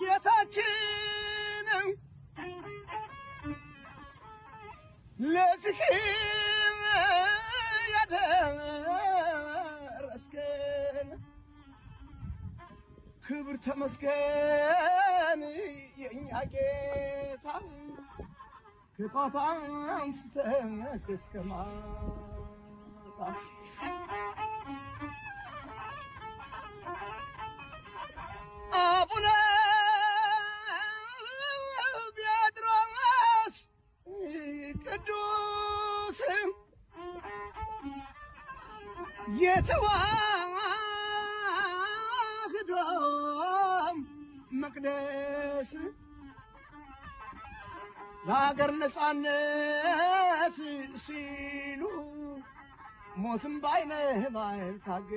ጌታችን ለዚህም ያደረስከን ክብር ተመስገን የእኛ ጌታ ከጧት እስከ ማታ የተዋህዶ መቅደስ ለሀገር ነፃነት ሲሉ ሞትም ባይነ ባይር ታገሉ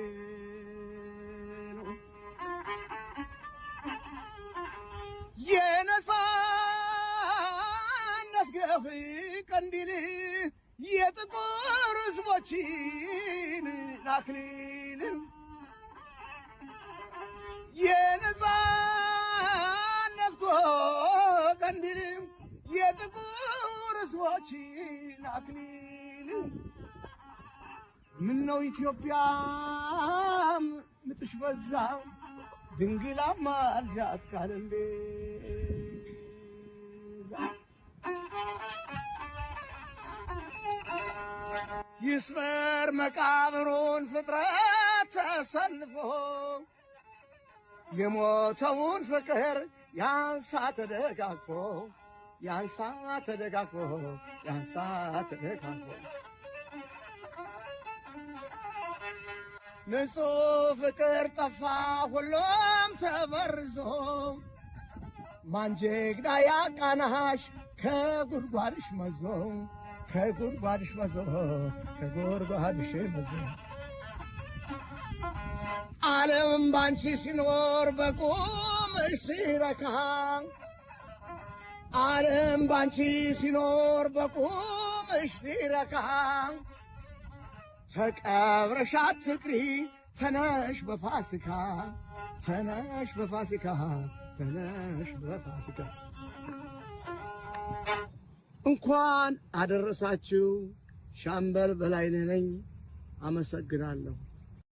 የነፃነት ቀንዲል የጥቁር አክሊል የነጻነት ቀንዲል የጥቁር ሕዝቦችን አክሊል ምነው ኢትዮጵያ ምጥሽ በዛ ድንግል አማልጃት ካለንዴ ይስበር መቃብሩን ፍጥረት ተሰልፎ የሞተውን ፍቅር ያንሳ ተደጋግፎ ያንሳ ተደጋግፎ ያንሳ ተደጋግፎ ንጹሕ ፍቅር ጠፋ ሁሉም ተበርዞ ማን ጀግና ያቃናሽ ከጉድጓድሽ መዞ ከጉድ ጓድሽ መዞ ከጉድጓድሽ መዞ ዓለም ባንቺ ሲኖር በቁምሽ ሲረካ ዓለም ባንቺ ሲኖር በቁምሽ ሲረካ ተቀብረሽ አትቅሪ ተነሽ በፋሲካ ተነሽ በፋሲካ ተነሽ በፋሲካ እንኳን አደረሳችሁ። ሻምበል በላይነህ ነኝ። አመሰግናለሁ።